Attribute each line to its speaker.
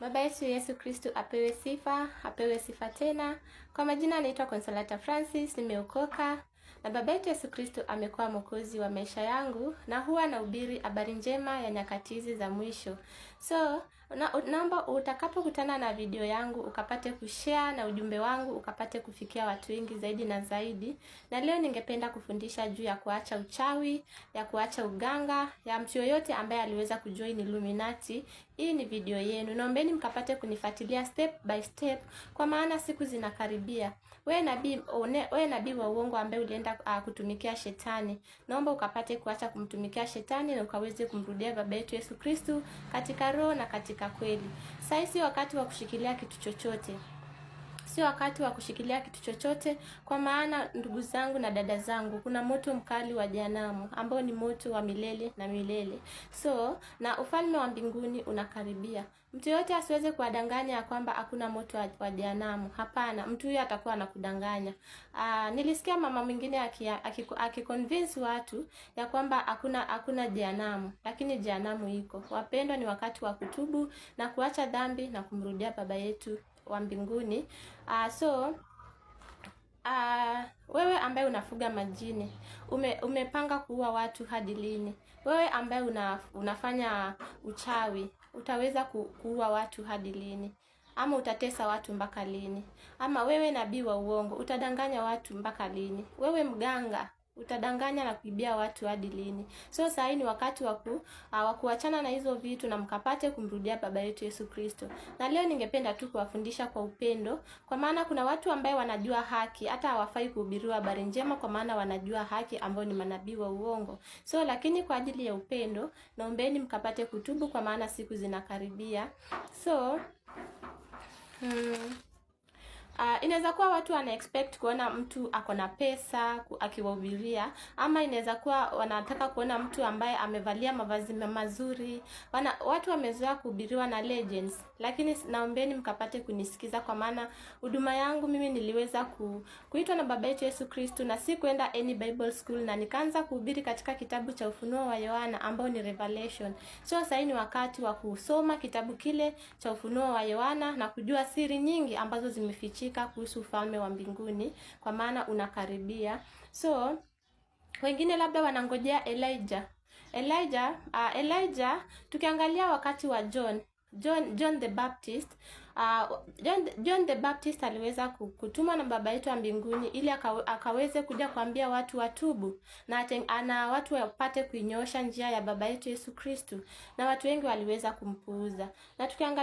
Speaker 1: Baba yetu Yesu Kristu apewe sifa, apewe sifa tena. Kwa majina anaitwa Consolata Francis, nimeokoka na baba yetu Yesu Kristu amekuwa mwokozi wa maisha yangu, na huwa nahubiri habari njema ya nyakati hizi za mwisho so na, naomba utakapokutana na video yangu ukapate kushare na ujumbe wangu ukapate kufikia watu wengi zaidi na zaidi. Na leo ningependa kufundisha juu ya kuacha uchawi, ya kuacha uganga, ya mtu yoyote ambaye aliweza kujoin Illuminati. Hii ni video yenu, naombeni mkapate kunifuatilia step by step, kwa maana siku zinakaribia. Wewe nabii, wewe nabii wa uongo ambaye ulienda uh, kutumikia shetani, naomba ukapate kuacha kumtumikia shetani na ukaweze kumrudia baba yetu Yesu Kristu katika roho na katika kweli. Sasa si wakati wa kushikilia kitu chochote sio wakati wa kushikilia kitu chochote, kwa maana ndugu zangu na dada zangu, kuna moto mkali wa jehanamu ambao ni moto wa milele na milele. So na ufalme wa mbinguni unakaribia. Mtu yoyote asiweze kuwadanganya ya kwamba hakuna moto wa jehanamu. Hapana, mtu huyo atakuwa anakudanganya. Aa, ah, nilisikia mama mwingine akiconvince watu ya kwamba hakuna hakuna jehanamu, lakini jehanamu iko. Wapendwa, ni wakati wa kutubu na kuacha dhambi na kumrudia Baba yetu wa mbinguni. Uh, so Uh, wewe ambaye unafuga majini ume, umepanga kuua watu hadi lini? Wewe ambaye una, unafanya uchawi utaweza ku, kuua watu hadi lini? Ama utatesa watu mpaka lini? Ama wewe nabii wa uongo utadanganya watu mpaka lini? Wewe mganga Utadanganya na kuibia watu hadi lini? So saa hii ni wakati ah, wa kuachana na hizo vitu na mkapate kumrudia baba yetu Yesu Kristo. Na leo ningependa tu kuwafundisha kwa upendo, kwa maana kuna watu ambaye wanajua haki, hata hawafai kuhubiriwa habari njema, kwa maana wanajua haki ambao ni manabii wa uongo. So lakini kwa ajili ya upendo, naombeni mkapate kutubu, kwa maana siku zinakaribia. So hmm. Uh, inaweza kuwa watu wana expect kuona mtu ako na pesa akiwahubiria, ama inaweza kuwa wanataka kuona mtu ambaye amevalia mavazi mazuri. Wana, watu wamezoea kuhubiriwa na legends, lakini naombeni mkapate kunisikiza, kwa maana huduma yangu mimi niliweza ku, kuitwa na baba yetu Yesu Kristo, na si kwenda any Bible school, na nikaanza kuhubiri katika kitabu cha Ufunuo wa Yohana ambao ni Revelation. So sasa ni wakati wa kusoma kitabu kile cha Ufunuo wa Yohana na kujua siri nyingi ambazo zimefichika kushika kuhusu ufalme wa mbinguni, kwa maana unakaribia. So wengine labda wanangojea Elijah. Elijah, uh, Elijah tukiangalia wakati wa John John John the Baptist uh, John, John the Baptist aliweza kutuma na baba yetu wa mbinguni ili akaweze kuja kuambia watu watubu na ana watu wapate kuinyosha njia ya baba yetu Yesu Kristu, na watu wengi waliweza kumpuuza. Na tukiangalia